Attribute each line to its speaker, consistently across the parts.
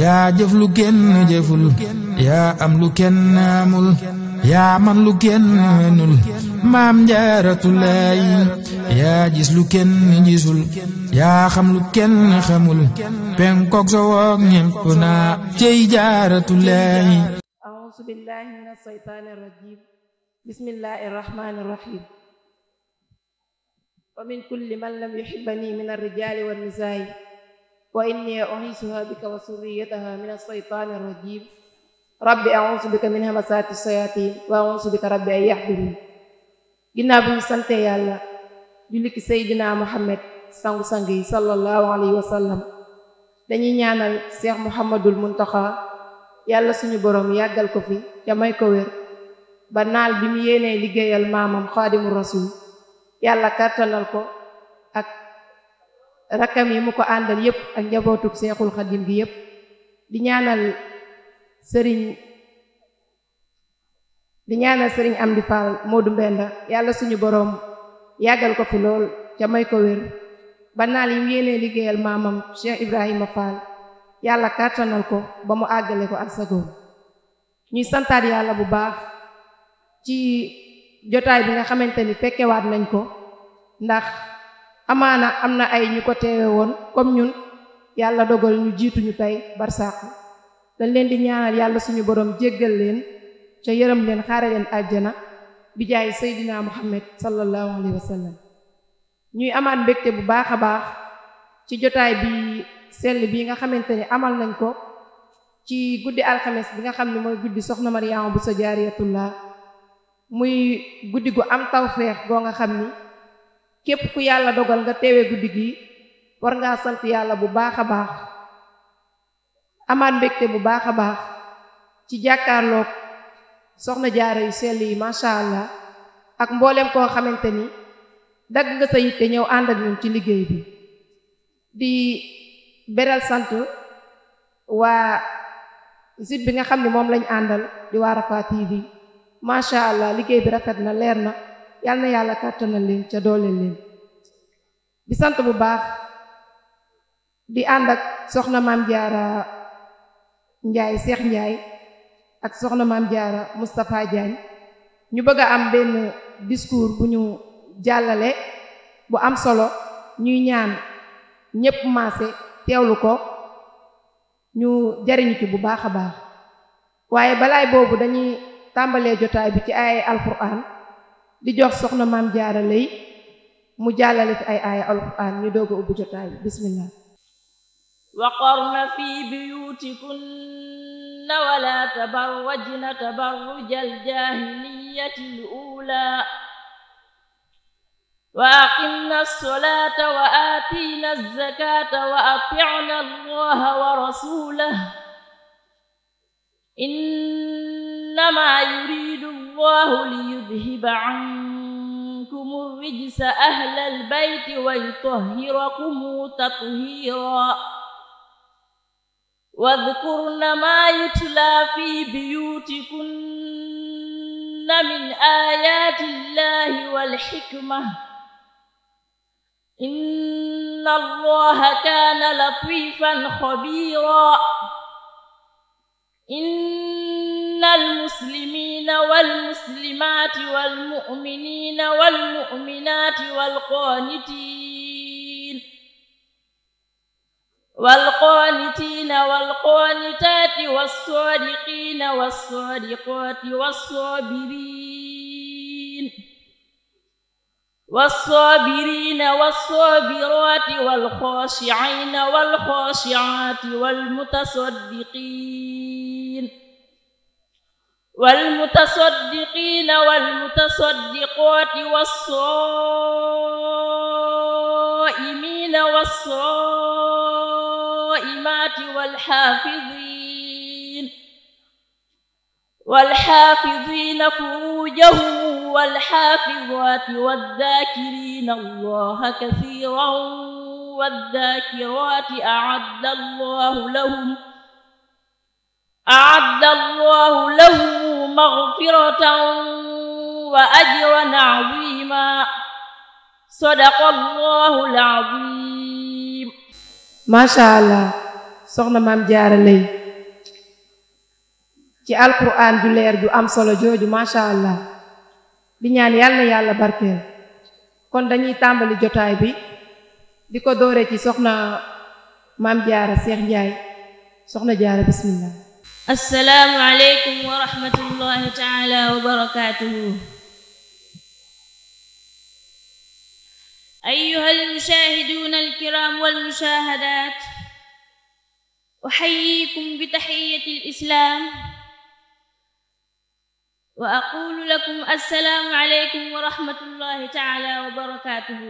Speaker 1: yaa jëf lu kenn jëful yaa am lu kenn amul yaa man lu kenn mënul maam njaaratulaay yaa gis lu kenn gisul yaa xam lu kenn xamul penkook so woog ñépp naa cey jaaratulaay auzu billaahi min
Speaker 2: asseytaani rajiim bismillaahi rahmaani rahiim wa min kulli man lam yuhibbani min arrijaali wan nisaa'i wa inni u'iisuha bika wa surriyataha min as-saytaani rabbi a'uuzu bika min hamasaati wa a'uuzu bika rabbi an yahduruun ginnaaw bi ñu sante yàlla julli ci seydina muhammad sangu sang yi sallallahu alayhi wa dañuy ñaanal seex muhammadul muntaxa yàlla suñu boroom yàggal ko fi ca may ko wér ba naal bi mu yéenee liggéeyal maamam xaadimu rasul yàlla kàttanal ko ak rakkam yi mu ko àndal yépp ak njabootug seexul xadim gi yépp di ñaanal sëriñ di ñaanal sëriñ Amdi Fall Modou Mbenda yàlla suñu boroom yàggal ko fi lool ca may ko wér ba naal yi yéenee liggéeyal maamam Cheikh Ibrahima Fall yàlla kàttanal ko ba mu àggale ko ak sagoom ñuy santaat yàlla bu baax ci jotaay bi nga xamante ni fekkewaat nañ ko ndax amaana am na ay ñu ko teewe woon comme ñun yàlla dogal ñu jiituñu tey barsàq dañ leen di ñaanal yàlla suñu borom jéggal leen ca yërëm leen xaare leen àjjana bi jaay seydina muhammad sallallahu alayhi wa sallam ñuy amaat mbégte bu baax a baax ci jotaay bi sell bi nga xamante ne amal nañ ko ci guddi alxemes bi nga xam ne mooy guddi soxna bu sa Jaariyatullah muy guddi gu am tawfeex goo nga xam ni képp ku yàlla dogal nga teewe guddi gi war ngaa sant yàlla bu baax a baax amaat mbégte bu baax a baax ci jàkkaarloog soxna jaare yu sell yi macha allah ak mboolem koo xamante ni dagg nga sa yitte ñëw ànd ak ñun ci liggéey bi di beral sant waa site bi nga xam ne moom lañ àndal di waa Rafah TV macha allah liggéey bi rafet na leer na yal na yàlla kàttanal leen ca dooleel leen di sant bu baax di ànd ak soxna maam jaara njaay seex njaay ak soxna maam jaara Moustapha Diagne ñu bëgg a am benn discours bu ñu jàllale bu am solo ñuy ñaan ñépp maase teewlu ko ñu jariñu ci bu baax a baax waaye balaay boobu dañuy tàmbalee jotaay bi ci ay alquran di jox soxna maam jaara lay mu jàllale fi ay aaya alquran ñu doog a ubbi jotaay bismillah
Speaker 1: waqarna fi buyutikunna wala tabarrajna tabarrujal jaahiliyatil uulaa wa aqimna as-salaata wa aatiina az-zakaata wa aticna allaha wa rasuulahu إنما يريد الله ليذهب عنكم الرجس أهل البيت ويطهركم تطهيرا واذكرن ما يتلى في بيوتكن من آيات الله والحكمة إن الله كان لطيفا خبيرا إن المسلمين والمسلمات والمؤمنين والمؤمنات والقانتين والقانتين والقانتات والصادقين والصادقات والصابرين والصابرين والصابرات والخاشعين والخاشعات والمتصدقين والمتصدقين والمتصدقات والصائمين والصائمات والحافظين والحافظين فروجهم والحافظات والذاكرين الله كثيرا والذاكرات أعد الله لهم أعد الله لهم مغفرة وأجرا عظيما صدق الله
Speaker 2: soxna maam jaara lay ci alquran ju leer ju am solo jooju macha allah di ñaan yàlla yàlla barkeel kon dañuy tàmbali jotaay bi di ko doore ci soxna maam jaara seex njaay soxna jaara bismillah
Speaker 1: assalaamu aleykum wa rahmatullahi taala wa barakaatuhu أيها المشاهدون الكرام والمشاهدات أحييكم بتحية الإسلام وأقول لكم السلام عليكم ورحمة الله تعالى وبركاته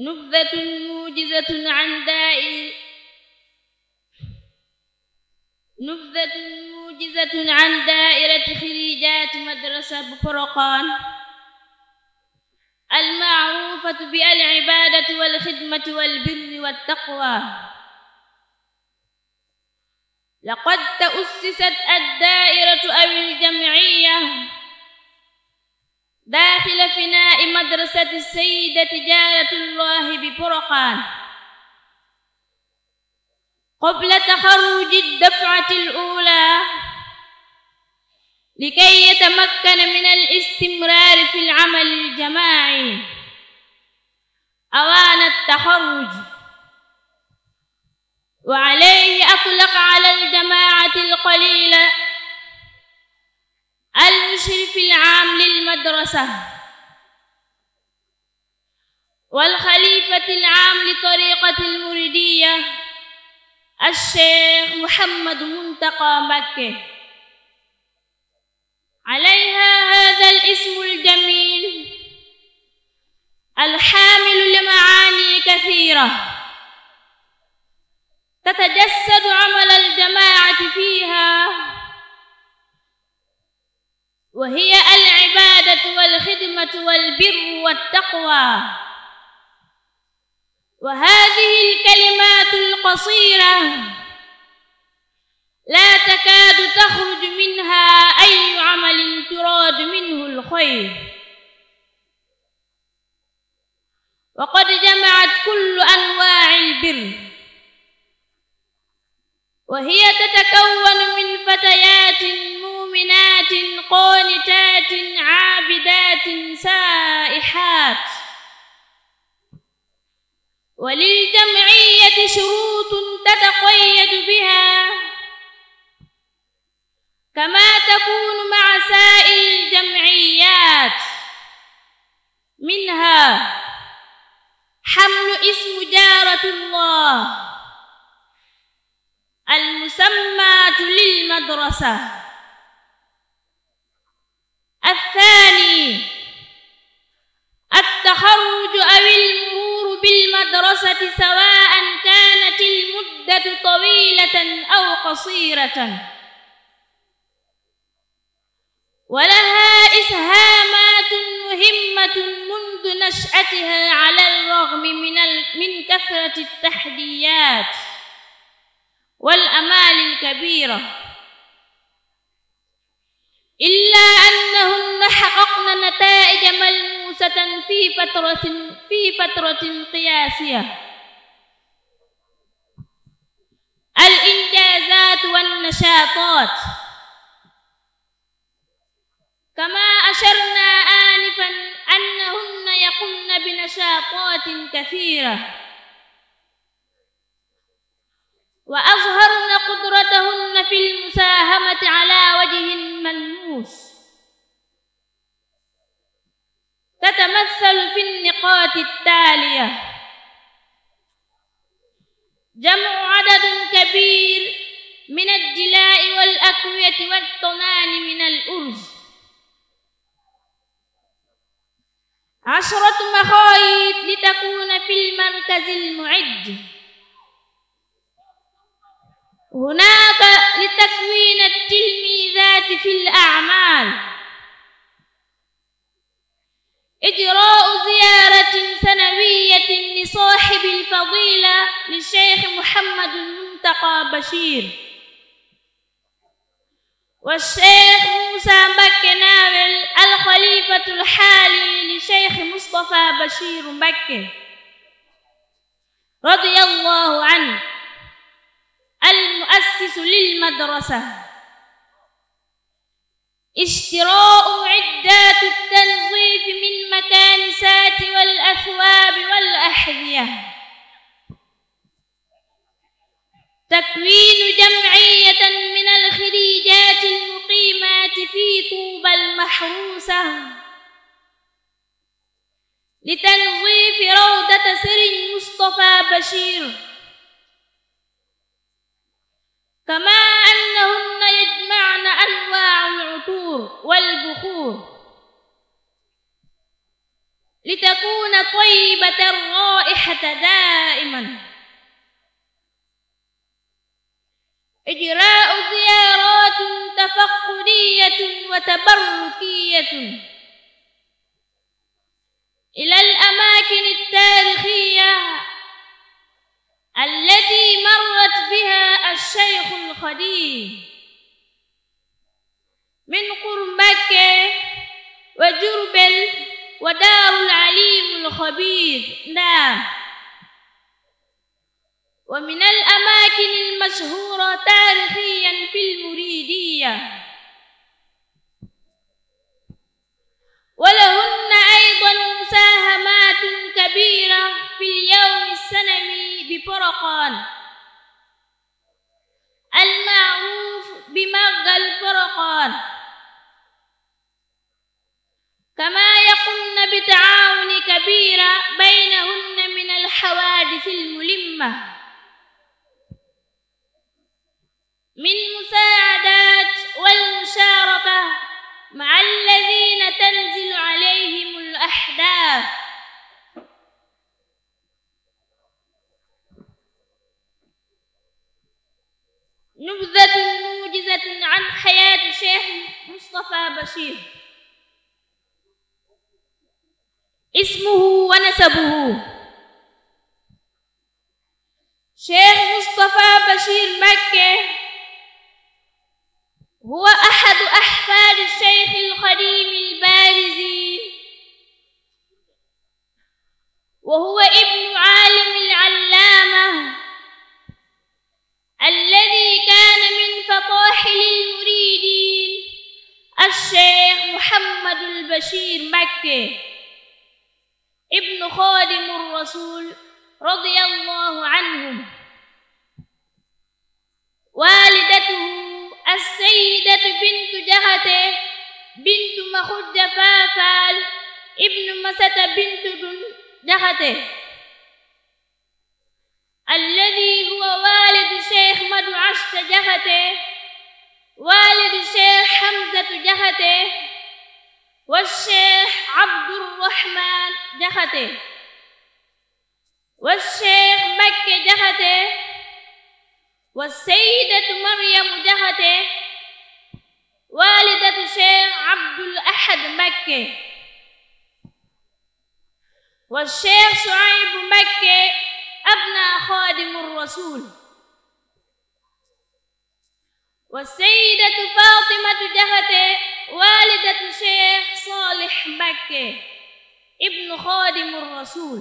Speaker 1: nubdatun mujizatun an daa'il nubdatun mujizatun an daa'irati xirijaati madrasa bu poroqaan almaarufatu bi alibaadati walxidmati walbirri waltaqwa laqad ta'ussisat addaa'iratu awil jam'iyya daaxila finaa madrasati sayidati jaaratullahi bi poroxaan qabla taxaruji dafati alula likay yatamakkana min alistimraari fi lamali aljamaaci awaana altaxaruj wa alayhi atlaq ala aljamaacati alqalila المشرف العام للمدرسة والخليفة العام لطريقة المريدية الشيخ محمد منتقى مكة عليها هذا الاسم الجميل الحامل لمعاني كثيرة تتجسد عمل الجماعة فيها wa hiya al ibaadatu wal xidmatu wal birru wat taqwa wa haadihi al kalimaatu al qasiira laa takaadu taxruju minha ayyu amalin turaadu minhu al xayr wa qad jamaat kullu anwaa al birr وهي تتكون من فتيات مؤمنات قانتات عابدات سائحات وللجمعية شروط تتقيد بها كما تكون مع سائر الجمعيات منها حمل اسم جارة الله المسمات للمدرسة الثاني التخرج أو المرور بالمدرسة سواء كانت المدة طويلة أو قصيرة ولها إسهامات مهمة منذ نشأتها على الرغم من, من كثرة التحديات wal amaali lkabira illa annahunna xaqaqna nataaija malmuusatan fi fatratin fi fatratin qiyaasiya al injaazaat wannachaataat kama asharna aanifan annahunna yaqumna binashaataatin kasiira وأظهرن قدرتهن في المساهمة على وجه ملموس تتمثل في النقاط التالية جمع عدد كبير من الجلاء والأكوية والطنان من الأرز عشرة مخايط لتكون في المركز المعد هناك لتكوين التلميذات في الأعمال إجراء زيارة سنوية لصاحب الفضيلة للشيخ محمد المنتقى بشير والشيخ موسى مكة ناول الخليفة الحالي لشيخ مصطفى بشير مكة رضي الله عنه المؤسس للمدرسة اشتراء عدات التنظيف من مكانسات والأثواب والأحذية تكوين جمعية من الخريجات المقيمات في طوبى المحروسة لتنظيف روضة سري مصطفى بشير كما أنهن يجمعن أنواع العطور والبخور لتكون طيبة الرائحة دائما إجراء زيارات تفقدية وتبركية إلى الأماكن التالية min xur Mbàkke wa Jurbel wa daarul alimul xabiir ndaam wa min al amaakin al mashhuura taarixiyan fil muriidiyya wa lahunna aydan musaahamaatun kabiira fil yawmi sanami bi Porokhane almaaruuf bi màggal Poroxaan kama yaqunna bi taawuni kabira baynahunna min alxawaadis almulimma min musaadaat walmushaaraka maa alladina tanzilu alayhim alaxdaaf نبذة موجزة عن حياة شيخ مصطفى بشير اسمه ونسبه شيخ مصطفى بشير مكة هو أحد أحفاد الشيخ القديم البارز وهو ابن عالم العلامة الذي كان فطاحل المريدين الشيخ محمد البشير مكي ابن خادم الرسول رضي الله عنهم والدته السيدة بنت جهته بنت مخد فافال ابن مسة بنت جهته Asta Jaxate waalidu Cheikh Hamzatu Jaxate wa Cheikh Abdurahman Jaxate wa Cheikh Mbakke Jaxate wa Sayyidatu Maryamu Jaxate waalidatu Cheikh Abdul Ahad Mbakke wa Cheikh Suaybu Mbakke abna Xaadimu Rasuul wa sayyidatu Faatimatu Jaxate waalidatu Cheikh Saalih Mbakke ibnu Xaadimu Rasuul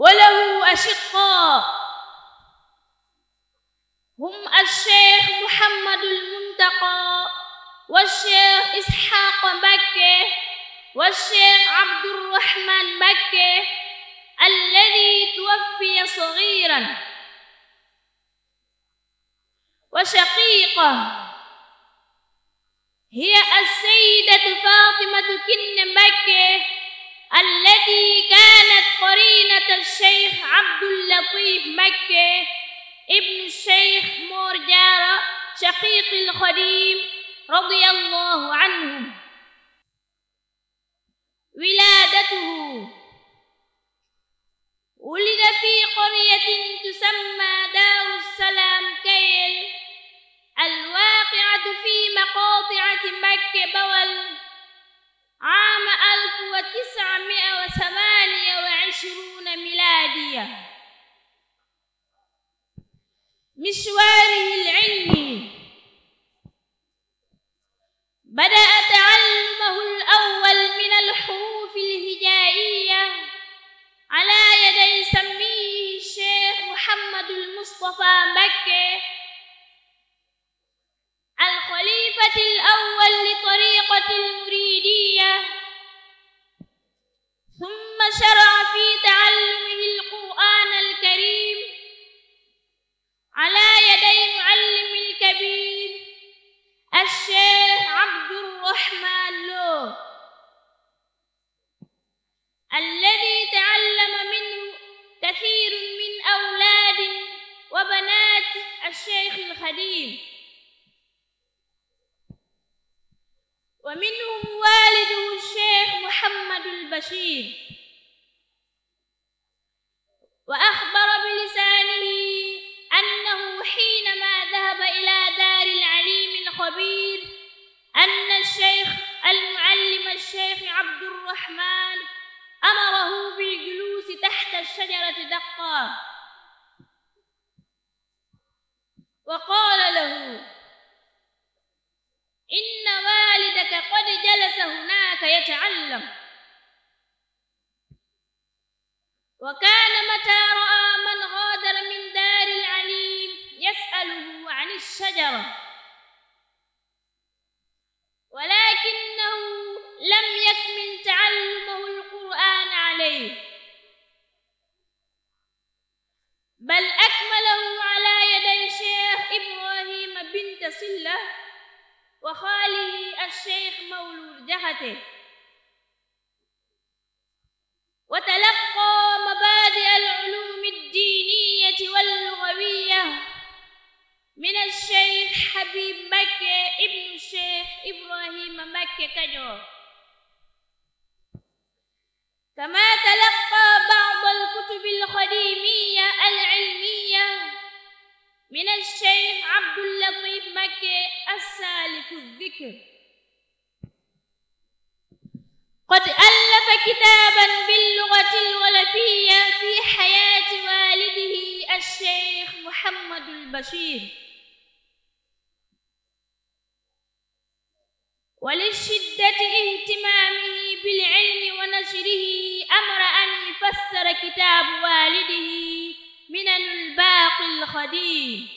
Speaker 1: wa lahu ashiqaa hum alcheikh muhammadul muntaqa walcheikh isxaaqa mbakke walcheikh abdurrahman mbakke alladi tuwaffiya sagiran وشقيقة هي السيدة فاطمة كن مكة التي كانت قرينة الشيخ عبد اللطيف مكة ابن الشيخ مورجارة شقيق الخديم رضي الله عنه ولادته ولد في قرية تسمى دار الواقعة في مقاطعة مكة بول عام 1928 ميلادية مشواره العلمي بدأ تعلمه الأول من الحروف الهجائية على يدي سميه الشيخ محمد المصطفى مكة الصفة الأول لطريقة المريدية ثم شرع في تعلمه القرآن الكريم على يدي معلم الكبير الشيخ عبد الرحمن لو الذي تعلم منه كثير من أولاد وبنات الشيخ الخديم wa minhum waalidu Cheikh Muhammadul Bashir wa axbara bilisaanihi annahu xiinamaa dahaba ilaa daaril aliimil xabiir
Speaker 3: anna Cheikh
Speaker 1: al-muallim Cheikh Abdurrahmaan amarahu biljuluusi taxta shajarati daqqa wa qaala lahu inna walidaka qad jalasa hunaka yata'allam wa kana mata ra'a man ghadara min dari al-alim yas'aluhu 'an ash-shajara walakinahu lam yakmin ta'allumuhu al-Qur'an 'alayhi bal akmalahu 'ala yaday Cheikh Ibrahima bint Silla wa xaalihi al sheikh mawlud jaxate wa talaqa mabaadi al ulum al diiniyat wal lugawiya min al sheikh habib mbakke ibnu sheikh ibrahima mbakke kajoor kama talaqa baad al kutub al xadimiya al ilmiya min al sheikh Abdou Latif Mbacké as-saliku dhikr qad allafa kitaaban bil lughati al walafiyya fi hayaati walidihi al sheikh Muhammad al Bashir ولشدة اهتمامه بالعلم ونشره أمر أن يفسر كتاب والده منن الباقي الخديم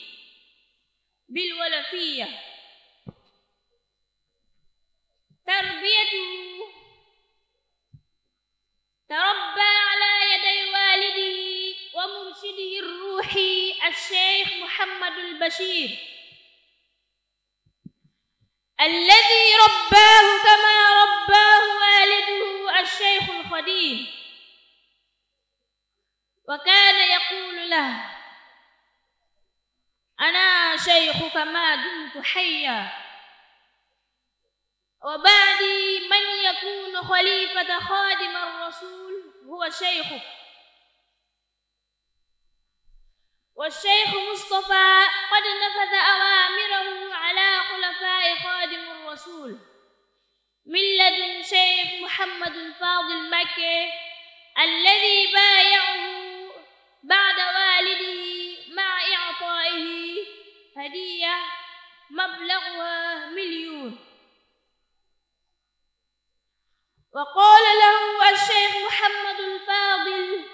Speaker 1: بالولفية تربيته تربى على يدي والده ومرشده الروحي الشيخ محمد البشير الذي رباه كما رباه والده الشيخ الخديم wa kaana yaquulu lahu ana shaykhuka maa dumtu hayyan wa ba'dii man yakuunu khalifata khaadima ar-rasuul huwa shaykhuk والشيخ مصطفى قد نفذ أوامره على خلفاء خادم الرسول من لدن شيخ محمد الفاضل مكي الذي بايعه بعد والده مع إعطائه هدية مبلغها مليون وقال له الشيخ محمد الفاضل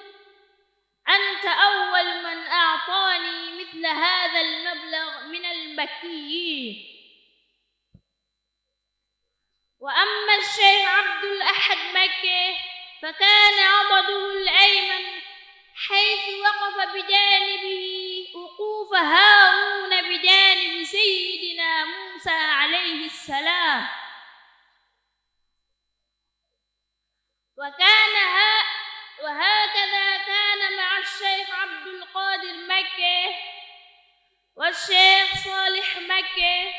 Speaker 1: أنت أول من أعطاني مثل هذا المبلغ من المكيين وأما الشيخ عبد الأحد مكي فكان عضده الأيمن حيث وقف بجانبه وقوف هارون بجانب سيدنا موسى عليه السلام وكان ها وهكذا كان مع الشيخ عبد القادر مكي والشيخ صالح مكي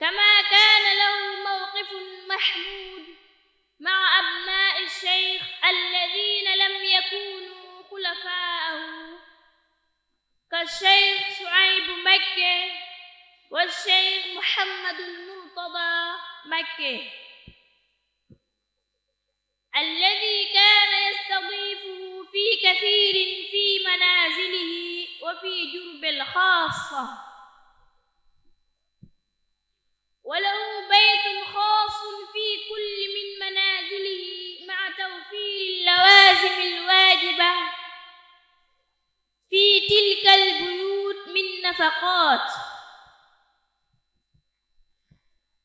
Speaker 1: كما كان له موقف محمود مع أبناء الشيخ الذين لم يكونوا خلفاءه كالشيخ شعيب مكي والشيخ محمد المرتضى مكي الذي كان يستضيفه في كثير في منازله وفي جرب الخاصة وله بيت خاص في كل من منزله مع توفير اللوازم الواجبة في تلك البيوت من نفقات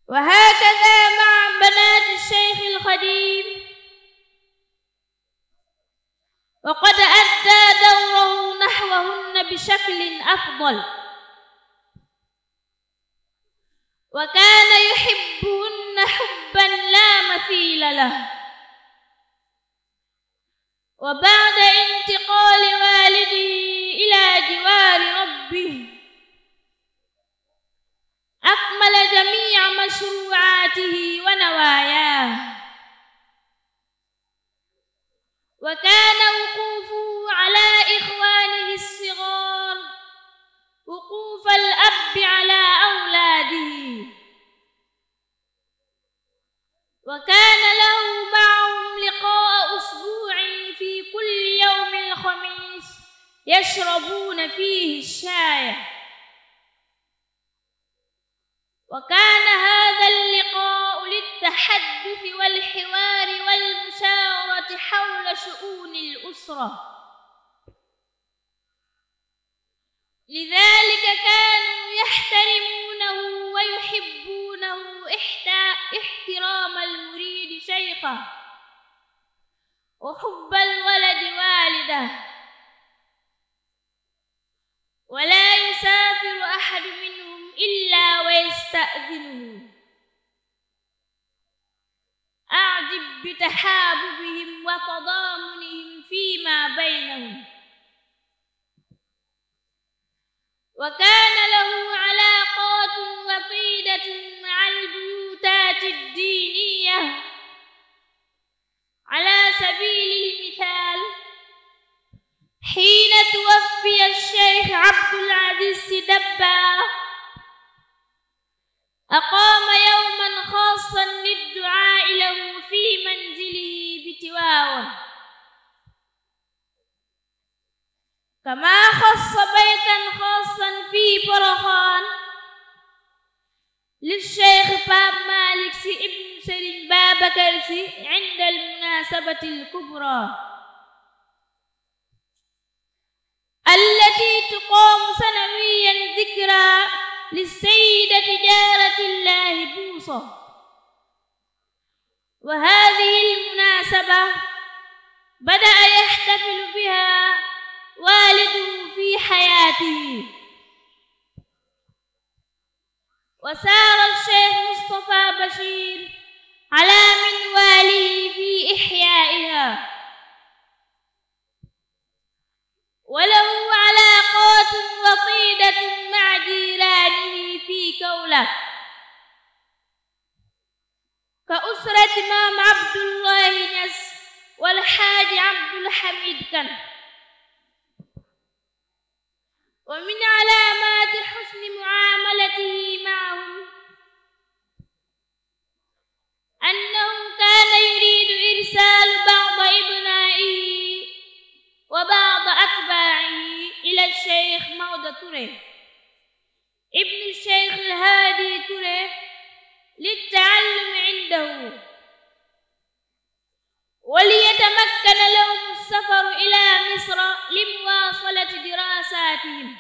Speaker 1: وهكذا مع بنات الشيخ الخديم وقد أدى دوره نحوهن بشكل أفضل la الشيخ عبد العزيز سدبا أقام يوما خاصا للدعاء له في منزله بتواوة كما خص بيتا خاصا في برخان للشيخ باب مالك سي ابن سليم بابكر سي عند المناسبة الكبرى التي تقام سنويا ذكرى للسيدة جارة الله بوصة وهذه المناسبة بدأ يحتفل بها والده في حياته وسار الشيخ مصطفى بشير على منواله في إحيائها ولو علاقات وطيدة مع جيرانه في كولة كأسرة مام عبد الله نس والحاج عبد الحميد كان ومن علامات حسن معاملته معهم أنه كان يريد إرسال بعض أبنائه wa baad atbaa'ihi ila Cheikh Maodo Touré ibnu Cheikh al Haadi Touré للتعلم عنده وليتمكن لهم السفر إلى مصر لمواصلة دراساتهم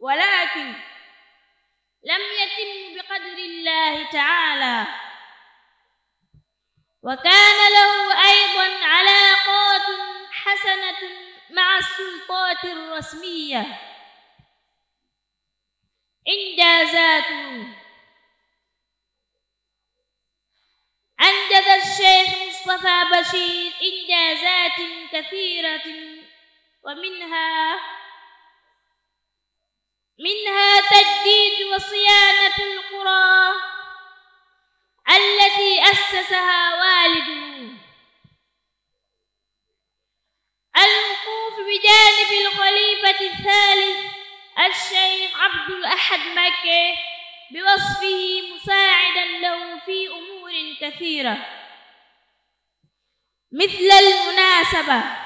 Speaker 1: ولكن لم يتم بقدر الله تعالى wa kaana lahu aydan alaaqaatun xasanatun ma'a as-sultaati ar-rasmiyya injaazaatuhu أنجز الشيخ مصطفى بشير إنجازات كثيرة ومنها منها تجديد وصيانة القرى التي أسسها والده الوقوف بجانب الخليفة الثالث الشيخ عبد الأحد مكي بوصفه مساعدا له في أمور كثيرة مثل المناسبة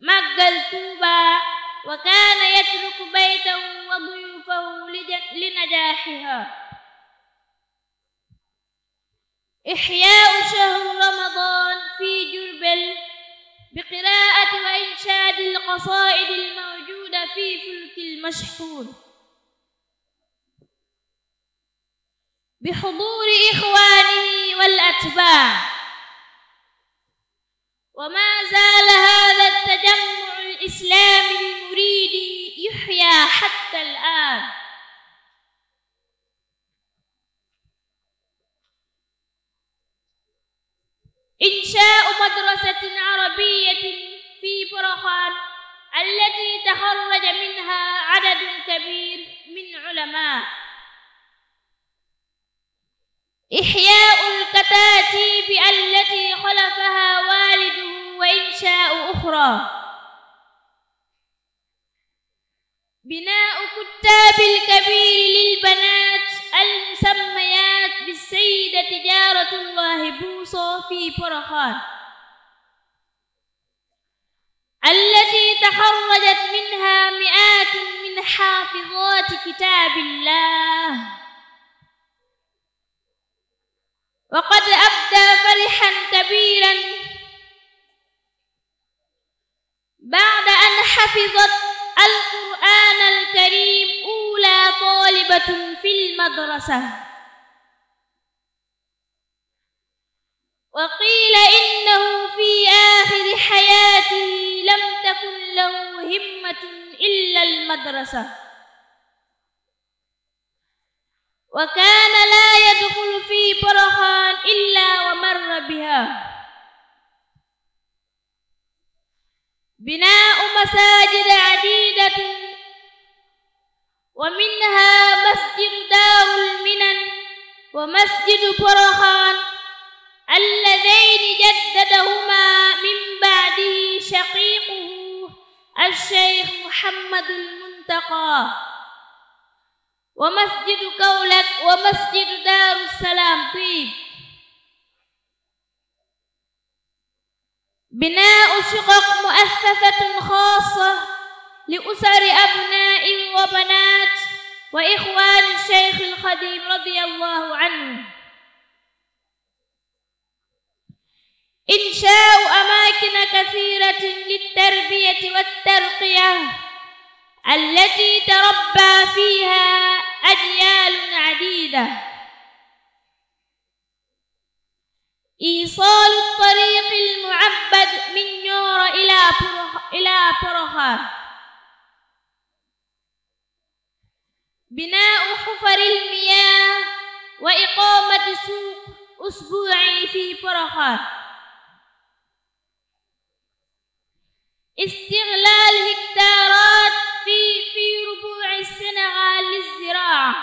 Speaker 1: مجل توبة وكان يترك بيته وضيوفه لنجاحها إحياء شهر رمضان في جربل بقراءة وإنشاد القصائد الموجودة في فلك المشحون بحضور إخوانه والأتباع وما زال هذا التجمع الإسلامي المريد يحيا حتى الآن إنشاء مدرسة عربية في برخان التي تخرج منها عدد كبير من علماء إحياء الكتاتيب التي خلفها والده وإنشاء أخرى بناء كتاب الكبير للبنات المسميات bi sayyidati jaaratullahi buusoo fii poroxaan allati taxarrajat minha mi'aatun min xaafizaati kitaabillah wa qad abdaa farixan kabiiran ba'da an xafizat alqur'aan alkariim uulaa taalibatun fi lmadrasa وقيل إنه في آخر حياته لم تكن له همة إلا المدرسة وكان لا يدخل في برهان إلا ومر بها بناء مساجد عديدة ومنها مسجد دار المنن ومسجد برهان alladayni jaddadahumaa min baadihi shaqiiquhu alsheykh Muhammadul Muntaqaa wa masjidu Kaolack wa masjidu Daaru Salaam Tiib binaau shiqaq muassasatun xaassa li usari abnaa'i wa banaat wa ixwaani sheykhil xadiim radiyallaahu anhu إنشاء أماكن كثيرة للتربية والترقية التي تربى فيها أجيال عديدة إيصال الطريق المعبد من نور إلى إلى برخان بناء حفر المياه وإقامة سوق أسبوعي في برخان استغلال هكتارات في في ربوع الصنعاء للزراعة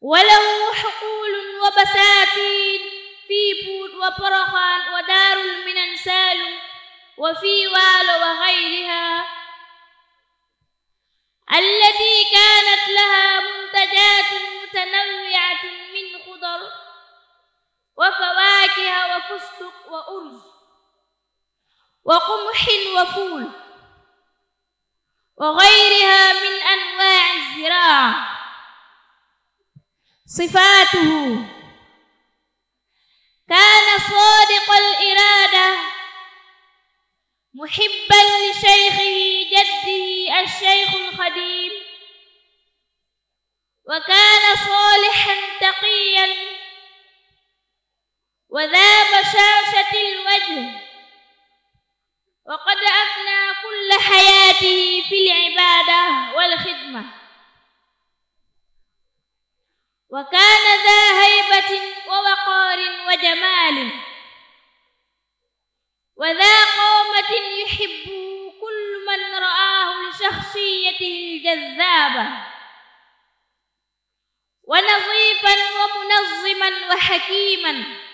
Speaker 1: وله حقول وبساتين في بود وبرخان ودار المنن سالم
Speaker 3: وفي والو
Speaker 1: وغيرها التي كانت لها منتجات متنوعة من خضر وفواكه وفستق وأرز وقمح وفول وغيرها من أنواع الزراعة صفاته كان صادق الإرادة محبا لشيخه جده الشيخ الخديم وكان صالحا تقيا وذا بشاشة الوجه wa qad afna kulla xayaatihi fi libaada walxidma wa kaana da haybatin wa waqaarin wa jamaalin wa da qawmatin yuxibbu kullu man ra'aahu li shaxsiyatihi aljazaaba wa nadiifan wa munazziman wa xakiiman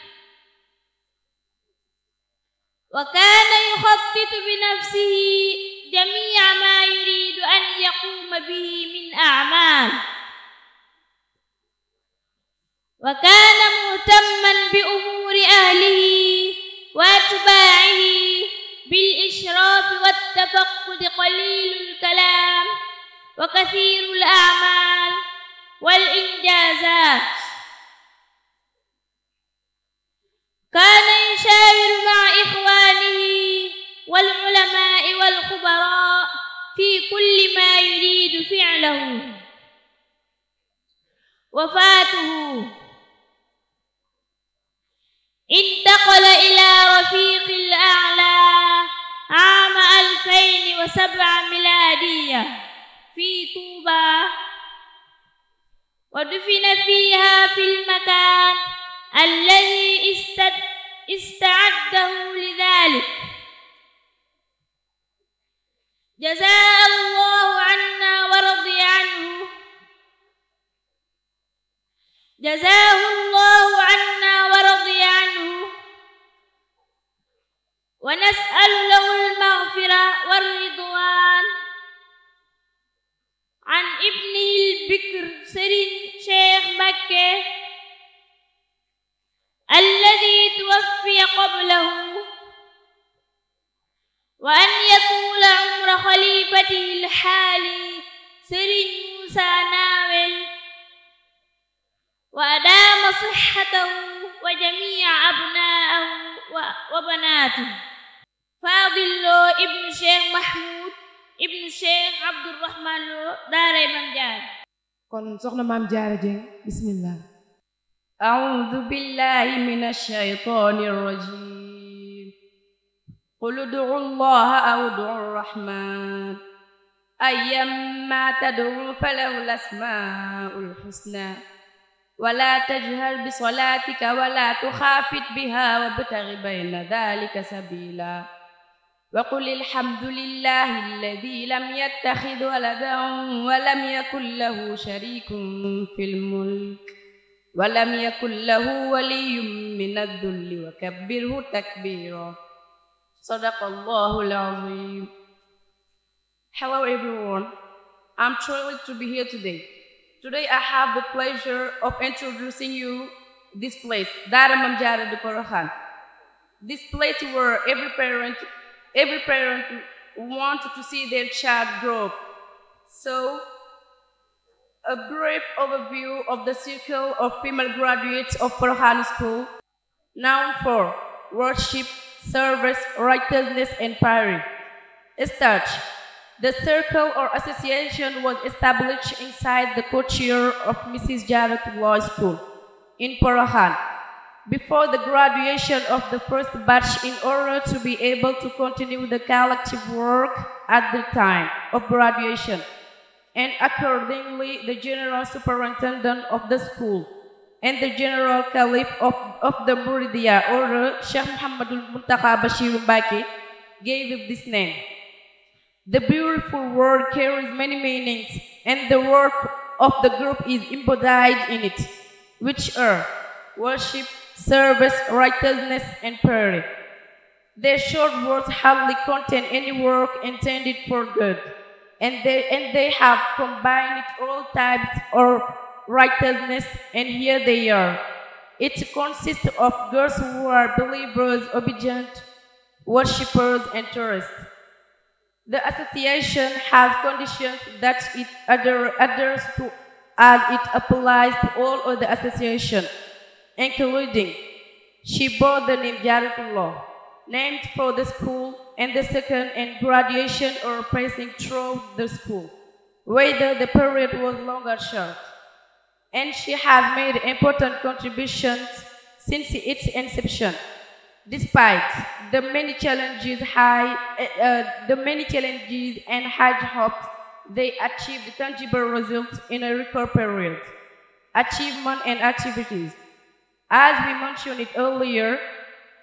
Speaker 1: wa kaana yuxattitu bi nafsihi jamiica maa yuriidu an yaquuma bihi min acmaal wa kaana muhtamman bi umuuri ahlihi wa atbaacihi bil ishraafi wattafaqqudi qaliilul kalaam wa kasiirul acmaal wal injaazaat kaana yusaawiru maca والعلماء والخبراء في كل ما يريد فعله وفاته انتقل إلى رفيق الأعلى عام 2007 ميلادية في طوبى ودفن فيها في المكان الذي استعده لذلك جزاء الله عنا ورضي عنه جزاه الله عنا ورضي عنه ونسأل له المغفرة والرضوان عن ابنه البكر سرين شيخ مكة الذي توفي قبله wa an yatula umra xalifatihil xaali sëriñ Musa Naawel wa adaama sixatahu wa jamia abnaahu wa banaatuhu faadilloo ibnu cheikh mahmoud ibnu cheikh abdourahman loo daaray mam jaara
Speaker 3: kon soxna maam jaara jeng bismillah
Speaker 1: aoudu
Speaker 3: billahi min alcheytani arrajim قل ادعوا الله أو ادعوا الرحمن أيما تدعوا فله الأسماء الحسنى ولا تجهر بصلاتك ولا تخافت بها وابتغ بين ذلك سبيلا وقل الحمد لله الذي لم يتخذ ولدا ولم يكن له شريك في الملك ولم يكن له ولي من الذل وكبره تكبيرا Sadaqallahul Azim. Hello everyone. I'm thrilled to be here today. Today I have the pleasure of introducing you this place, Dara Mam Jaara de Porokhane. This place where every parent, every parent wants to see their child grow up. So, a brief overview of the circle of female graduates of Porokhane School. Noun for worship service, righteousness, and piety. Starch. The circle or association was established inside the courtyard of Mrs. Jarrett Law School in Porahan before the graduation of the first batch in order to be able to continue the collective work at the time of graduation and accordingly the general superintendent of the school and the general caliph of, the Muridiya or uh, Sheikh Muhammadul Muntaqa Bashir Mbaki gave it this name. The beautiful word carries many meanings and the work of the group is embodied in it, which are worship, service, righteousness, and prayer. Their short words hardly contain any work intended for good, and they, have combined all types of righteousness, and here they are. It consists of girls who are believers, obedient, worshippers, and tourists. The association has conditions that it adheres to as it applies to all other associations, including she bore the name Jarrett Law, named for the school and the second in graduation or passing through the school, whether the period was long short. she has made important contributions since its inception. Despite the many challenges, eh, eh, and high hopes, they achieved tangible results in a record period. Achievement and activities. As we mentioned it earlier,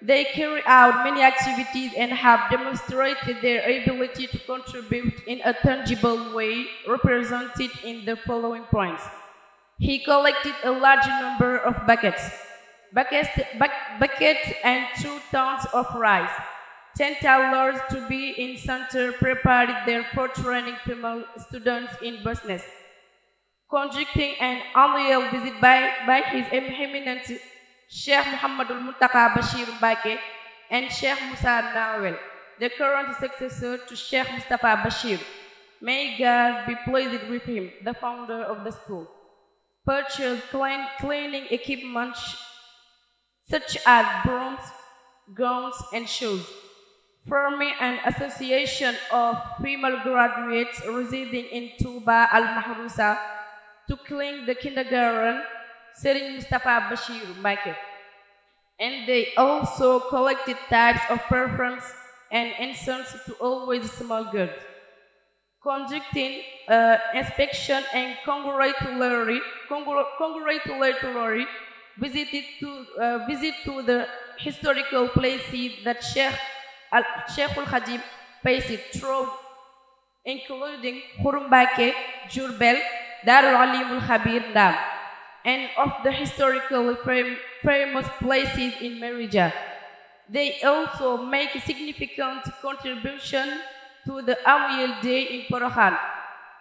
Speaker 3: they carry out many activities and have demonstrated their ability to contribute in a tangible way represented in the following points. He collected a large number of buckets, buckets, and two tons of rice. Ten tailors to be in center prepared there for training students in business. Conducting an annual visit by, his eminent Sheikh Muhammadul Muntaka Bashir Mbake and Sheikh Musa Nawel, the current successor to Sheikh Mustafa Bashir. May God be pleased with him, the founder of the school. purchase clean, cleaning equipment such as brooms, gowns, and shoes. Forming an association of female graduates residing in Tuba Al-Mahrusa to clean the kindergarten, Serin Mustafa Bashir Mbake. And they also collected types of preference and incense to always small goods. conducting uh, inspection and congratulatory, congr congratulatory visited to, uh, visit to the historical places that Sheikh Al Sheikh Al through, including Khurumbake, Jurbel, Darul Alim Al Khabir and of the historical famous places in Merija. They also make significant contribution to the annual day in Porohan,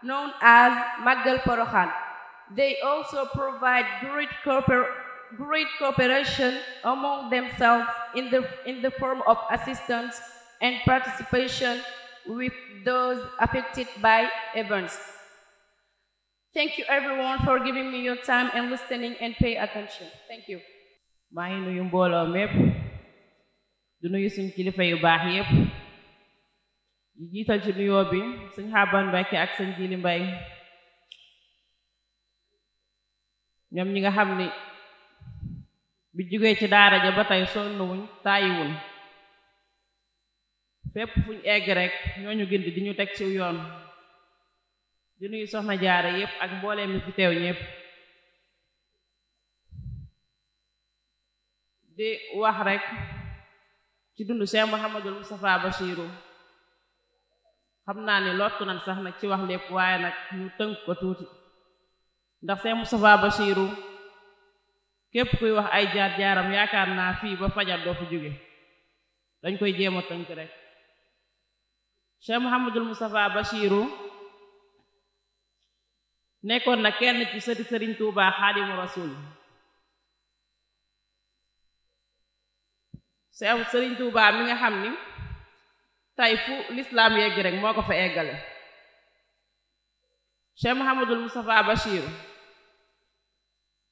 Speaker 3: known as Magal Porohan. They also provide great, cooperation among themselves in the, form of assistance and participation with those affected by events. Thank you everyone for giving me your time and listening and pay attention. Thank you.
Speaker 4: maa ngi nuyu mbooloo mépp du nuyu suñ kilifa yu jiital ci nuyoo bi sëñ Xaban Mbàkke ak sëñ Jili Mbay ñoom ñi nga xam ni bi jógee ci daara ja ba tey sonnuwuñ tàyyiwuñ fépp fuñ egg rek ñu gindi di ñu teg ci yoon di nuyu soxna jaare yépp ak mbooleem mi fi teew ñépp di wax rek ci dund Seex Muhammadul Mustafaa Basiiru xam naa ne lottu nañ sax nag ci wax lépp waaye nag ñu tënk ko tuuti ndax seen Moustapha Bachiru képp kuy wax ay jaar jaaram yaakaar naa fii ba fajar doo fi jóge dañ koy jéem a tënk rek Cheikh Mouhamadul Moustapha Bachiru nekkoon nag kenn ci sëti sëriñ Tuubaa Xaadimu Rasuul Cheikh Sëriñ Tuubaa mi nga xam ni tey fu lislaam yegg rek moo ko fa eggale cheikh mohamadul moustapha bachir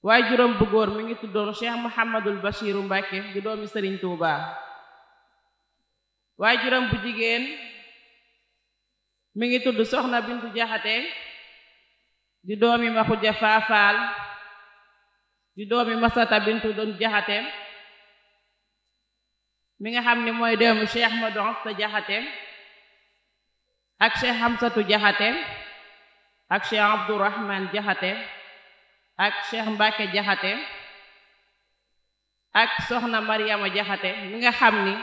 Speaker 4: waaye juróom bu góor mi ngi tuddoon cheikh mohamadul bachiru mbàkke di doomi sëriñ tuuba waaye juróom bu jigéen mu ngi tudd soxna bintu jaxate di doomi maxuja faafaal di doomi masata bintu doon jaxate mi nga xam ne mooy doomu Cheikh Ahmadou Xafsa Jaxate ak Cheikh Hamsatu Jaxate ak Cheikh Abdourahman Jaxate ak Cheikh Mbacke Jaxate ak soxna Mariama Jaxate mi nga xam ni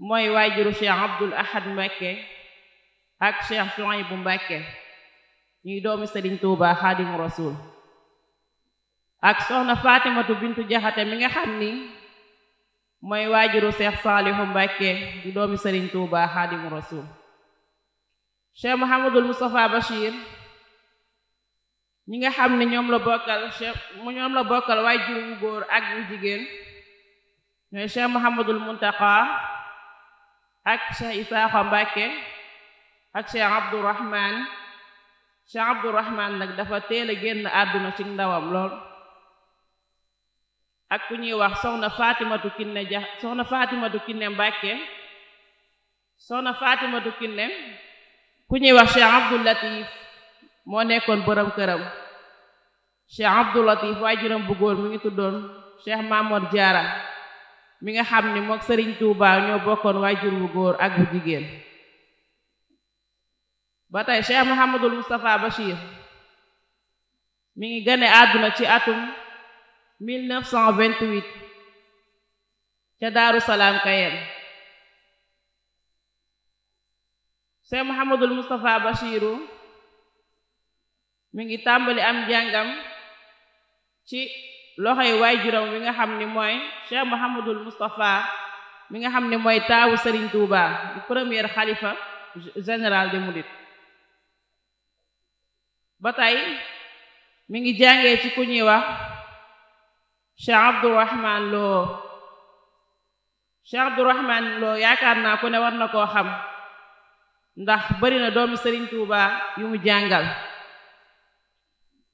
Speaker 4: mooy waajuru Cheikh Abdoul Ahad Mbacke ak Cheikh Souhaïbou Mbacke ñuy doomi Sëriñ Tuuba Xaadimu Rasuul ak soxna Fatimatu bintu Jaxate mi nga xam ni mooy waajuru Seex Saalihu Mbàkke di doomi Sëriñ Tuuba Xaadimu Rasuul Cheikh Mouhamadul Moustapha Bachir ñi nga xam ne ñoom la bokkal Cheikh mu ñoom la bokkal waajur wu góor ak wu jigéen ñooy Cheikh Mouhamadul Muntaqa ak Cheikh Isaaxa Mbàkke ak Cheikh Abdourahman Cheikh Abdourahman nag dafa teel a génn àdduna ci ndawam lool ak ku ñuy wax soxna Fatimatu Kinne ja soxna Fatimatu Kinne Mbàkke soxna Fatimatu Kinne ku ñuy wax Cheikh Abdou Latif moo nekkoon borom këram Cheikh Abdou Latif waajuram bu góor mu ngi tuddoon Cheikh Mamor Diarra mi nga xam ni mook Sëriñ Tuubaa ñoo bokkoon waajur bu góor ak bu jigéen ba tey Cheikh Mouhamadul Moustapha Bachir mi ngi gane àdduna ci atum 1928 ca Daaru Salaam Kayem Seex Muhammadul Mustafa Bashiru mu ngi tàmbali am njàngam ci loxo waay waajuram wi nga xam ni mooy Seex Muhammadul Mustafa mi nga xam ni mooy taawu Serigne Touba di premier xalifa général de Mouride ba tey mi ngi jàngee ci ku ñuy wax Cheikh Abdourahman Lo Cheikh Abdourahman Lo yaakaar naa ku ne war na koo xam ndax bari na doomi Serigne Touba yu mu jàngal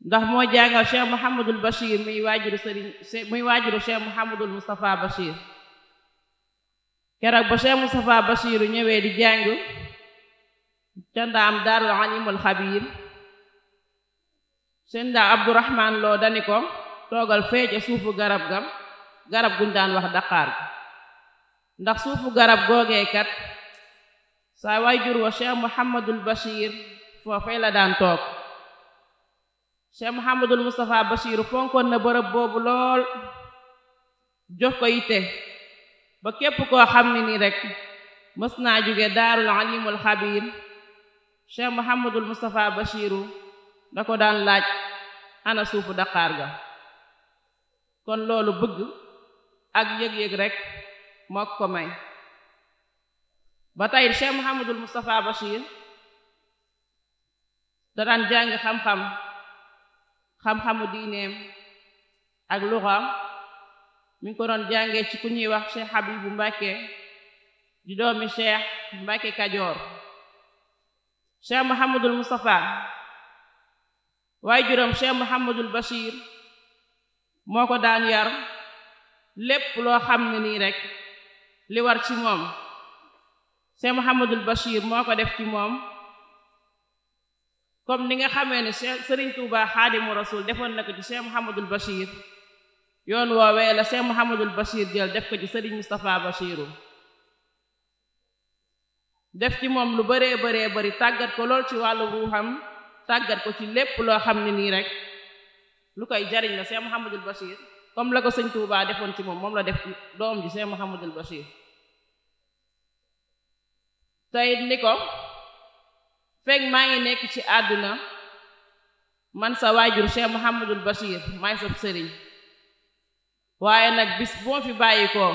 Speaker 4: ndax moo jàngal Cheikh Mouhamadul Bachir muy waajuru Serigne muy waajuru Cheikh Mouhamadul Moustapha Bachir keroog ba Cheikh Moustapha Bachir ñëwee di jàng ca ndaam Daarul Alimul Xabiir seen ndaam Abdourahman Lo dani ko toogal fee ca suufu garab ga garab guñ daan wax daqaar gi ndax suufu garab googeekat saa waajur wa cheikh muhammadul bashir foofee la daan toog cheikh muhammadul mustapha bashiru fonkoon na bërëb boobu lool jox ko yitte ba képp koo xam ne ni rekk mës naa jóge daarul alimul xabir cheikh muhammadul mustapha bashiru da ko daan laaj ana suufu daqaar ga kon loolu bëgg ak yëg-yëg rek moo ko may ba tey Cheikh Mouhamadul Moustapha Bachir danaan jàng xam-xam xam-xamu diineem ak luxam mi ngi ko doon jàngee ci ku ñuy wax Cheikh bu Mbàkke di doomi Cheikh Mbàkke Kajoor Cheikh Mouhamadul Moustapha waaye juróom Cheikh Mouhamadul Bachir moo ko daan yar lépp loo xam ne nii rek li war ci moom Cheikh Mouhamadul Bachir moo ko def ci moom comme ni nga xamee ne Cheikh Serigne Touba Xaadimu Rasul defoon na ko ci Cheikh Mouhamadul Bachir yoon woowee la Cheikh Mouhamadul Bachir jël def ko ci Serigne Moustapha Bachiru def ci moom lu baree bëree bari tàggat ko lool ci wàllu ruuxam tàggat ko ci lépp loo xam ne nii rek lu koy jariñ la Cheikh Mouhamadul Bachir comme la ko sëñ Touba defoon ci moom moom la def doom ji Cheikh Mouhamadul Bachir tey ni ko fekk maa ngi nekk ci àdduna man sa waajur Cheikh Mouhamadul Bachir maay sab sëriñ waaye nag bis boo fi bàyyi ko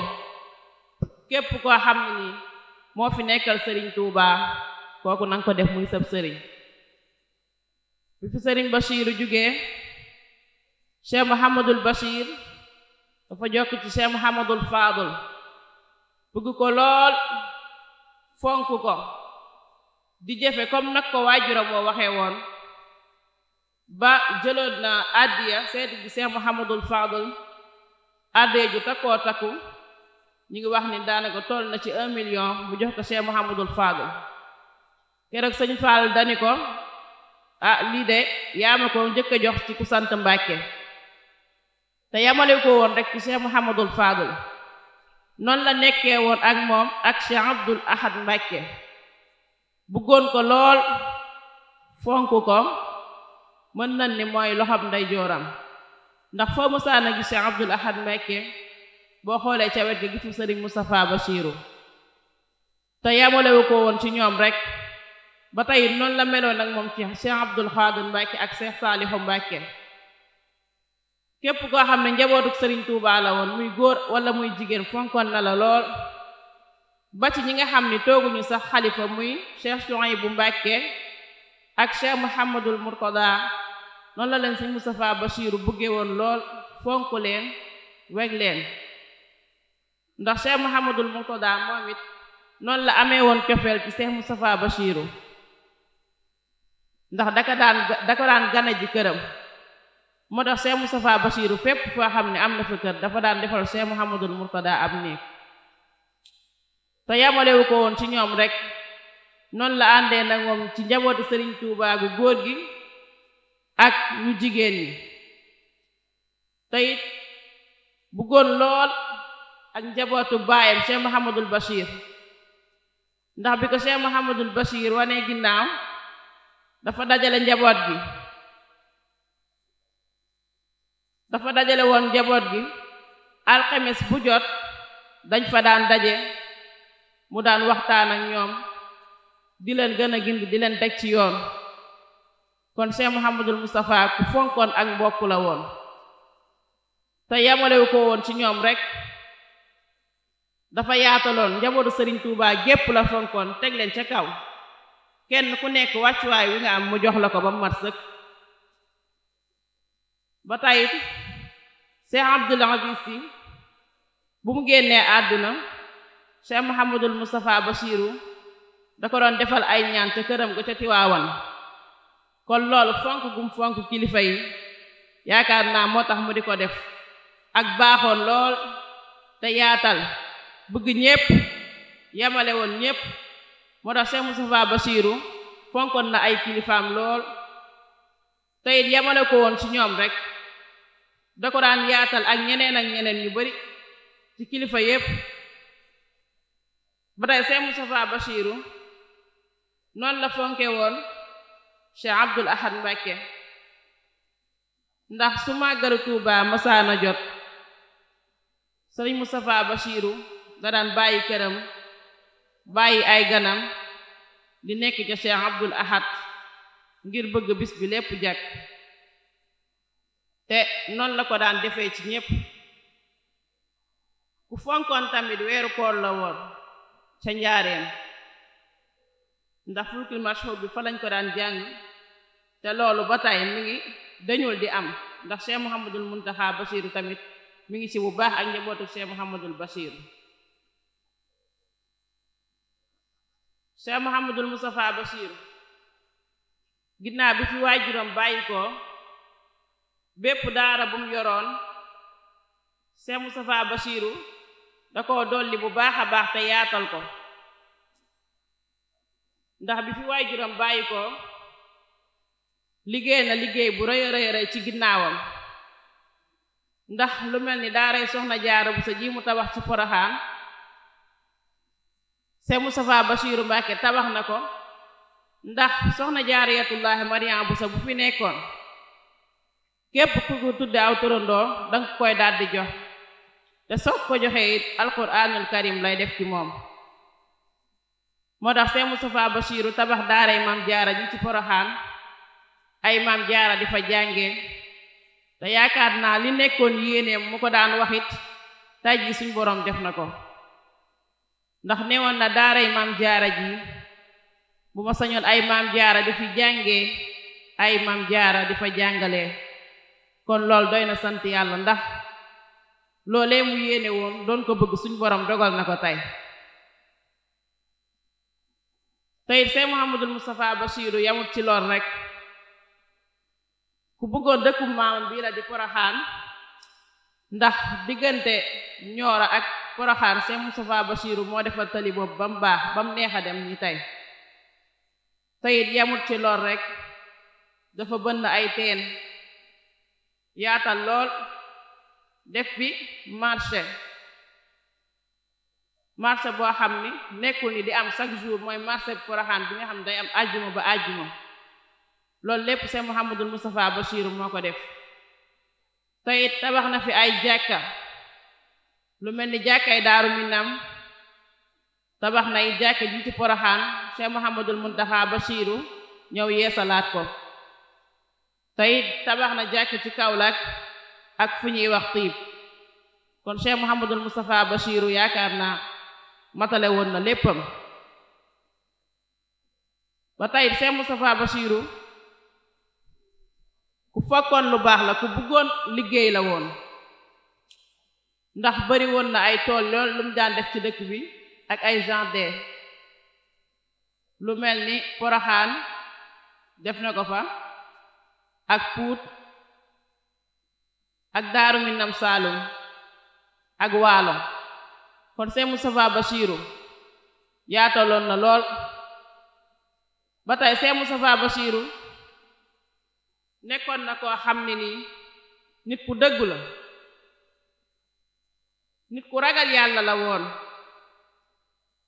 Speaker 4: képp koo xam ne ni moo fi nekkal sëriñ Touba kooku nang ko def muy sab sëriñ bi fi sëriñ Bachir jógee cheikh Mouhamadul Bashir dafa jokk ci cheikh Mouhamadul Fadul bëgg ko lool fonk ko di jëfe comme nag ko waajuram moo waxee woon ba jëloon na addiya seeti bi cheikh Mouhamadul Fadul addiya ju takkoo takku ñu ngi wax ni daanaka toll na ci un million mu jox ko cheikh Mouhamadul Fadul keroog sëñ Fall dani ko ah lii de yaa ma ko jëkk a jox ci ku sant Mbàkke te yamale ko woon rek ci Cheikh Mouhamadul Fadul noonu la nekkee woon ak moom ak Cheikh Abdul Ahad Mbàkke bëggoon ko lool fonk ko mën nañ ni mooy loxoom ndeyjooram ndax foo musaana gi Cheikh Abdul Ahad Mbàkke boo xoolee ca wet ga gisul Sëriñ Moustapha Bachiru te yamalewu ko woon ci ñoom rekk ba tey noonu la meloon ak moom ci Cheikh Abdul Xaadir Mbàkke ak Cheikh Saalihu Mbàkke képp koo xam ne njabootuk sëriñ Tuubaa woon muy góor wala muy jigéen fonkoon na la lool ba ci ñi nga xam ni tooguñu sax xalifa muy Cheikh bu Mbàkke ak Cheikh Mouhamadul Mourtada noonu la leen sëñ Moustapha Bachiru bëgge woon lool fonk leen weg leen ndax Cheikh Mouhamadul Mourtada moom it noonu la amee woon cofeel ci Cheikh Moustapha Bachiru ndax daka daan daka daan gane ji këram moo tax Cheikh Moustapha Bassirou fépp foo xam ne am na fa kër dafa daan defal Cheikh Mouhamadul Mourtada ab néeg te yamalewu ko woon ci ñoom rek noonu la àndee nag moom ci njabootu sëriñ Touba bu góor gi ak ñu jigéen ñi te bu bëggoon lool ak njabootu baayam Cheikh xamadul Bachir ndax bi ko Cheikh Mouhamadul Bachir wane ginnaaw dafa dajale njaboot gi dafa dajale woon njaboot gi alxemes bu jot dañ fa daan daje mu daan waxtaan ak ñoom di leen gën a gindi di leen teg ci yoon kon Cheikh Mouhamadul Moustapha ku fonkoon ak mbokk la woon te yamalewu ko woon ci ñoom rekk dafa yaataloon njabootu sëriñ tuubaa gépp la fonkoon teg leen ca kaw kenn ku nekk wàccuwaay wi nga am mu jox la ko ba mu mat sëkk ba tayit Cheikh Abdoul Aziz Sy bu mu génnee àdduna Cheikh Mouhamadul Moustapha Bachiru da ko doon defal ay ñaan ca këram ga ca Tiwaawan kon lool fonk gum fonk kilifa yi yaakaar naa moo tax mu di ko def ak baaxoon lool te yaatal bëgg ñépp yamale woon ñépp moo tax Cheikh Moustapha Bachiru fonkoon na ay kilifaam lool te it yamale ko woon ci ñoom rekk da ko daan yaatal ak ñeneen ak ñeneen yu bari ci kilifa yépp ba tey Seex Mustafaa Bashiru noonu la fonke woon Cheikh Abdul Ahad Mbàkke ndax su màggalu Tuubaa masaana jot Sëriñ Mustafaa Bashiru da daan bàyyi këram bàyyi ay ganam di nekk ca Cheikh Abdul Ahad ngir bëgg bis bi lépp jàkk te noonu la ko daan defee ci ñépp ku fonkoon tamit weeru koor la woon ca njaareem ndax fulkil mashhur bi fa lañ ko daan jàng te loolu ba tay mi ngi dañul di am ndax Cheikh Mouhamadul Muntaxa Basiiru tamit mu ngi ci bu baax ak njabootu Cheikh Mouhamadul Basiiru Cheikh Mouhamadul Moustapha Basiiru ginnaaw bi fi waajuram bàyyi ko bépp daara bu mu yoroon Cheikh Moustapha Bachiru da koo dolli bu baax a baax te yaatal ko ndax bi fi waay bàyyi ko liggéey na liggéey bu rëy a ci ginnaawam ndax lu mel ni daaray soxna jaara bu sa ji mu tabax ci poroxaan Cheikh Moustapha Bachiru Mbàkke tabax na ko ndax soxna jaariyatullaahi Mariama bu sa bu fi nekkoon képp ku tudde aw turandoo danga koy daldi jox te soo ko joxee it alquranul karim lay def ci moom moo tax Sëñ Moustapha Bachiru tabax daaray maam jaara ji ci poroxaan ay maam jaara di fa jànge te yaakaar naa li nekkoon yéeneem mu ko daan waxit tey ji suñ boroom def na ko ndax newoon na daaray maam jaara ji bu ma sañoon ay maam jaara di fi jànge ay maam jaara di fa jàngale kon loolu doy na sant yàlla ndax loolee mu yéene woon doon ko bëgg suñ borom dogal na ko tey tey Seex Muhammadul Mustafa Basiiru yamut ci lool rek ku bëggoon dëkku maamam bii la di Poroxaan ndax diggante Ñooro ak Poroxaan Seex Mustafa Basiiru moo defar tali boobu ba mu baax ba mu neex a dem ñi tey tey yamut ci lool rek dafa bënn ay teen yaatal lool def fi marché marché boo xam ni nekkul ni di am chaque jour mooy marché Porokhane bi nga xam ne day am àjjuma ba àjjuma loolu lépp Seex Muhammadul Moustapha Bachir moo ko def te it tabax na fi ay jàkka lu mel ni jàkkay Daaru Minam tabax na it jàkka ji ci Porokhane Seex Muhammadul Muntaxa siiru ñëw yeesalaat ko tey tabax na jàkk ci kaw Kaolack ak fu ñuy wax tiib kon Cheikh Mouhamadul Moustapha Bachiru yaakaar naa matale woon na léppam ba tey Cheikh Moustapha Bachiru ku fokkoon lu baax la ku bëggoon liggéey la woon ndax bari woon na ay tool loolu lu mu daan def ci dëkk bi ak ay gendarme lu mel ni Poroxaan def na ko fa ak puut ak daaru minam saalum ak waalo kon sëñ Moustapha Bachiru yaataloon na lool ba tey sëñ Moustapha Bachiru nekkoon na koo xam ne nii nit ku dëggu la nit ku ragal yàlla la woon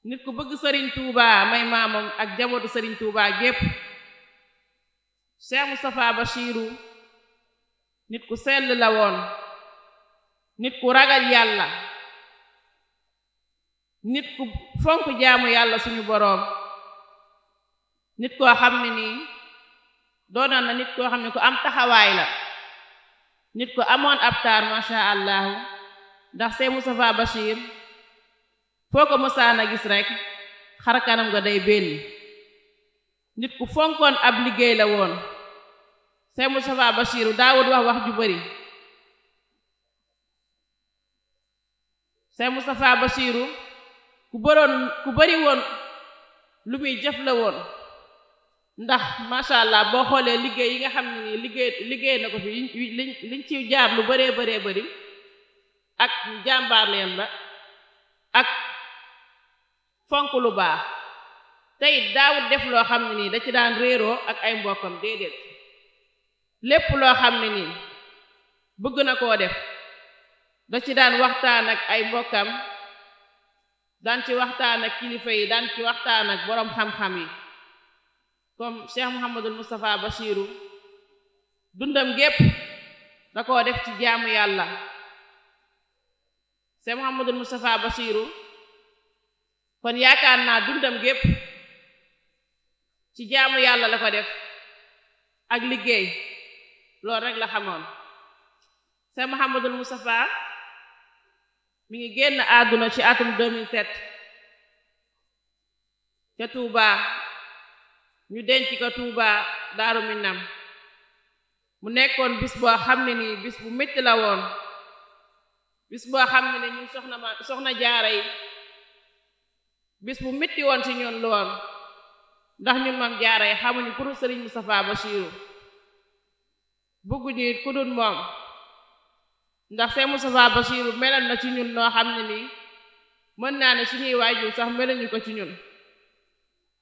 Speaker 4: nit ku bëgg sëriñ Touba may maamam ak jabootu sëriñ Touba gépp Cheikh Moustapha Bachiru nit ku sell la woon nit ku ragal yàlla nit ku fonk jaamu yàlla suñu boroom nit koo xam ne nii doonoon na nit koo xam ne ku am taxawaay la nit ku amoon ab taar masha allahu ndax Cheikh Moustapha Bachir foo ko mësaana gis rek xar kanam nga day benn nit ku fonkoon ab liggéey la woon Sëñ Moustapha Bachiru daawul wax wax ju bari Sëñ Moustapha Bachiru ku bëroon ku bari woon lu muy jëf la woon ndax macha allah boo xoolee liggéey yi nga xam ne nii liggéey liggéey na ko fi liñ liñ ci jaar lu bëree bëree bëri ak jàmbaar leen la ak fonk lu baax tey daawut def loo xam ne nii da ci daan réeroo ak ay mbokkam déedéet lépp loo xam ne nii bëgg na koo def da ci daan waxtaan ak ay mbokkam daan ci waxtaan ak kilifa yi daan ci waxtaan ak boroom xam-xam yi comme Cheikh Mouhamadul Moustapha Bachiru dundam gépp da koo def ci jaamu yàlla Cheikh Mouhamadul Moustapha Bachiru kon yaakaar naa dundam gépp ci jaamu yàlla la ko def ak liggéey loolu rek la xamoon Cheikh Mouhamadul Moustapha mu ngi génn àdduna ci atum 2007 ca Touba ñu denc ko Touba Daaru Minam mu nekkoon bis boo xam ne nii bis bu métti la woon bis boo xam ne ni ñun soxna ma soxna jaara yi bis bu métti woon ci ñun lool ndax ñu mam jaara yi xamuñu pour Serigne Moustapha Bachiru bëgguñu it ku dul moom ndax Sëñ Moustapha Bassirou melal na ci ñun noo xam ne nii mën naa ne suñuy waajur sax melañu ko ci ñun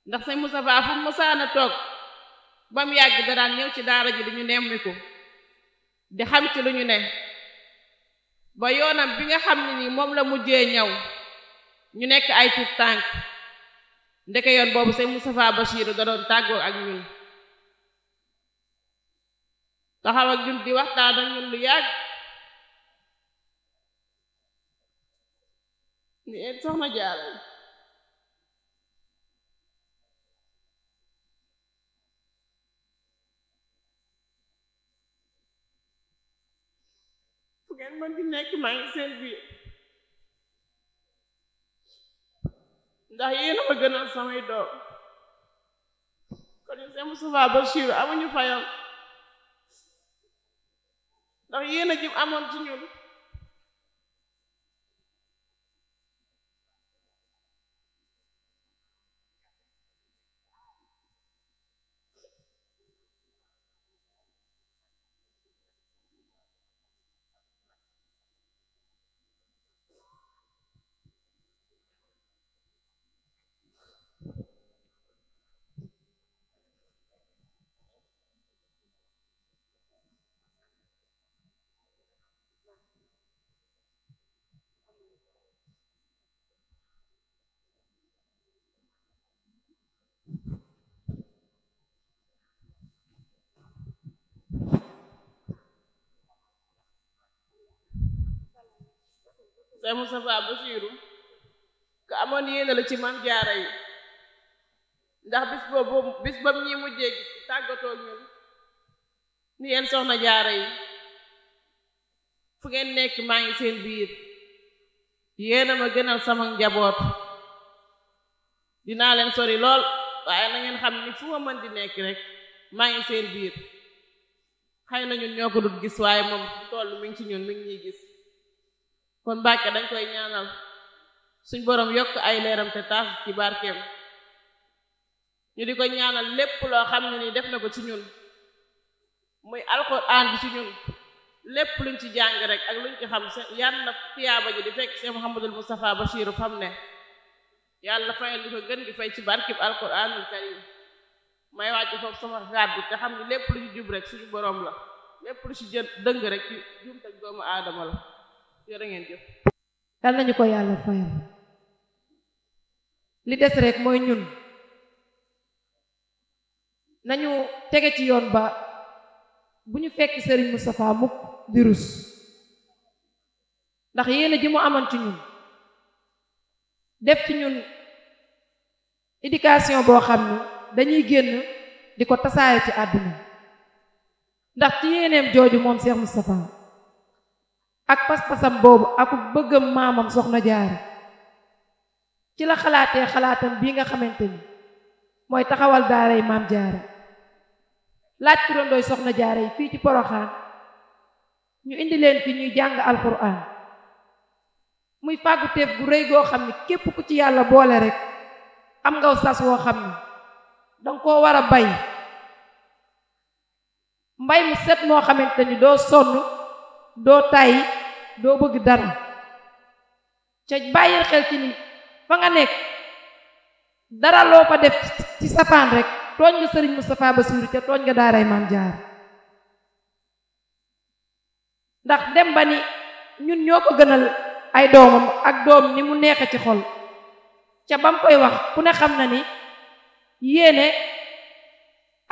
Speaker 4: ndax Sëñ Moustapha fu mësaana toog ba mu yàgg daraan ñëw ci daara ji di ñu nemmiku di xam ci lu ñu ne ba yoonam bi nga xam ne nii moom la mujjee ñaw ñu nekk ay tuut tànk ndeke yoon boobu sa Moustapha Bassirou da doon tàggoo ak ñun taxaw ak ñun di waxtaan ak ñun lu yàgg ni en soxna jaara fu ngeen mën di nekk maa ngi ndax yéen a ma gënal samay doom kon ñu seen Moustapha Bachir amuñu fayam ndax yéen a ji amoon ci ñun say Moustapha Basiiru ka amoon yéene la ci man jaara yi ndax bis boobu bis bam ñi mujjee tàggatoo ñun ni yéen soxna jaara yi fu ngeen nekk maa ngi seen biir yéena ma gënal sama njaboot dinaa leen sori lool waaye na ngeen xam ni fu ma mën di nekk rek maa ngi seen biir xay na ñun ñoo ko dul gis waaye moom toll mi ngi ci ñun mi ngi ñuy gis kon Mbàkke dañ koy ñaanal suñ borom yokk ay leeram te taas ci barkeem ñu di ko ñaanal lépp loo xam ne ni def na ko ci ñun muy alxuraan bi ci ñun lépp luñ ci jàng rek ak luñ ci xam sa yàlla na tiyaaba ji di fekk Cheikh Mouhamadul Moustapha Bachiru xam ne yàlla fayal di ko gën di fay ci barkeb alxuraanul karim may wàcc foofu sama kàddu te xam ne lépp lu ci jub rek suñu boroom la lépp lu ci jë dëng rek ci jumtak doomu aadama la yore ngeen jëf
Speaker 1: yal nañu ko
Speaker 2: yàlla fayal li des rek mooy ñun nañu tege ci yoon ba bu ñu fekk sëriñ Moustapha mukk di rus ndax yéene ji mu amoon ci ñun def ci ñun éducation boo xam ne dañuy génn di ko tasaaya ci àdduna ndax ci yéeneem jooju moom Cheikh Moustapha ak pas-pasam boobu ak bëggam maamam soxna jaara ci la xalaatee xalaatam bii nga xamante ni mooy taxawal daaray maam jaara laaj turandooy soxna jaara yi fii ci poroxaan ñu indi leen fi ñuy jàng alxuraan muy fàgguteef gu rëy goo xam ne képp ku ci yàlla boole rek am ngaw sas woo xam ne danga koo war a bay mbay mi set moo xamante ni doo sonn doo tàyyi doo bëgg dara ca bàyyil xel ci ni fa nga nekk dara loo fa def ci safaan rek tooñ nga sëriñ Moustapha Bassirou ca tooñ nga daaray maam jaar ndax dem ba ni ñun ñoo ko gënal ay doomam ak doom ni mu neex ci xol ca bam koy wax ku ne xam na ni yéene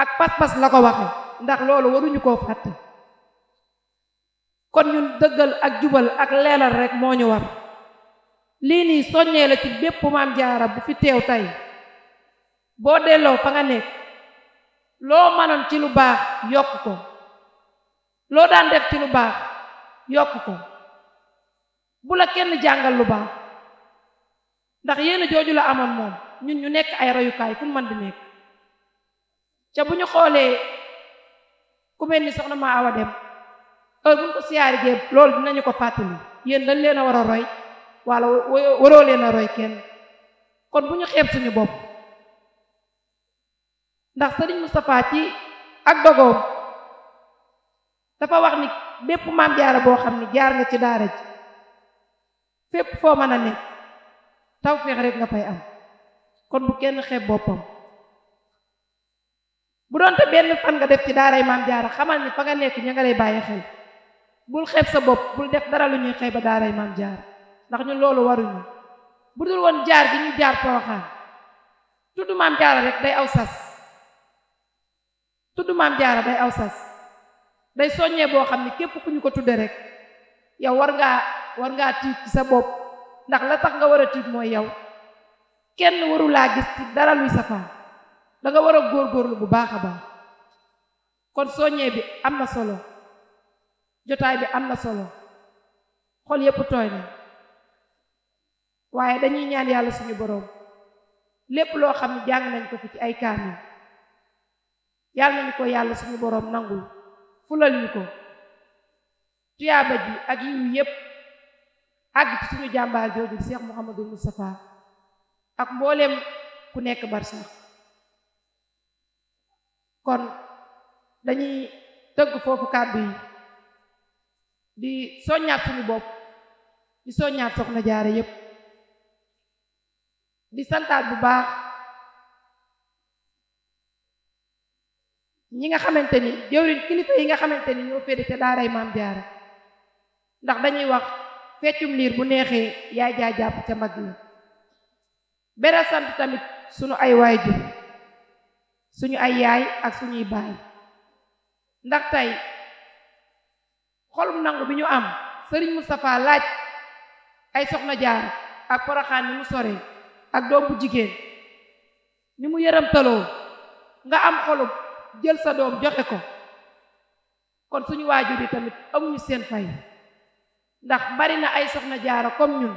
Speaker 2: ak pas-pas la ko waxe ndax loolu waruñu koo fàtte kon ñun dëggal ak jubal ak leeral rekk moo ñu war lii nii soññee la ci bépp maam jaara bu fi teew tey boo delloo fa nga nekk loo mënoon ci lu baax yokk ko loo daan def ci lu baax yokk ko bu la kenn jàngal lu baax ndax yéen jooju la amoon moom ñun ñu nekk ay royukaay fu mën di nekk ca bu ñu xoolee ku mel ni soxna ma awa dem heure bu ñu ko siyaari loolu dinañu ko fàttali yéen dañ leen a war a roy walla waroo leen a roy kenn kon bu ñu xeeb suñu bopp ndax sëriñ Moustapha ci ak dogoom dafa wax ni bépp maam jaara boo xam ni jaar nga ci daara ji fépp foo mën a nekk taw feex rek nga fay am kon bu kenn xeeb boppam bu doonte benn fan nga def ci daaray maam jaara xamal ni fa nga nekk ñu nga lay bàyyi xel bul xeeb sa bopp bul def dara lu ñuy ba daaray maam jaar ndax ñun loolu waruñu bu dul woon jaar gi ñu jaar poroxaan tudd maam jaara day aw sas tudd maam day aw sas day soññee boo xam ne képp ku ñu ko tudde rek yow war ngaa war ngaa tiit ci sa bopp ndax la tax nga war a tiit mooy yow kenn warulaa gis ci dara luy safaan danga war a góor góorgóorlu bu baax a baax kon soññee bi am na solo jotaay bi am na solo xol yépp tooy na waaye dañuy ñaan yàlla suñu boroom lépp loo xam ne jàng nañ ko fi ci ay kaamil yàlla nañu ko yàlla suñu boroom nangul fulal ñu ko tuyaaba ji ak yiwu yépp àgg ci suñu jàmbaar jooju Cheikh Mouhamadou Moustapha ak mbooleem ku nekk barsax kon dañuy tëgg foofu kàddu yi di soññaat suñu bopp di soññaat soxna jaare yépp di santaat bu baax ñi nga xamante ni jëwriñ kilifa yi nga xamante ni ñoo féete ca daaray maam jaara ndax dañuy wax feccum liir bu neexee yaay jaa jàpp ca mag yi bera sant tamit suñu ay waajur suñu ay yaay ak suñuy baay ndax tey xolum nangu bi ñu am sëriñ Moustapha laaj ay soxna jaar ak poroxaan ni mu sore ak doom bu jigéen ni mu yëramtaloo nga am xolum jël sa doom joxe ko kon suñu waajur yi tamit amuñu seen fay ndax bari na ay soxna jaara comme ñun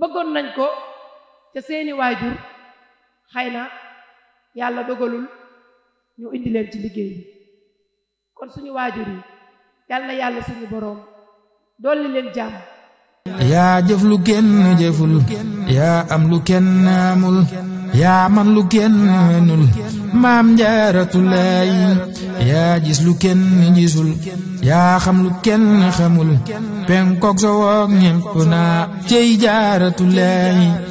Speaker 2: bëggoon nañ ko ca seeni waajur xëy na yàlla dogalul ñu indi leen ci liggéey bi kon suñu waajur yi yal na yàlla
Speaker 1: yaa jëf lu kenn jëful yaa am lu kenn amul yaa man lu kenn mënul maam njaaratulaay yaa gis lu kennu gisul yaa xam lu kenn xamul penkook sowook ñépp cey jaaratulaay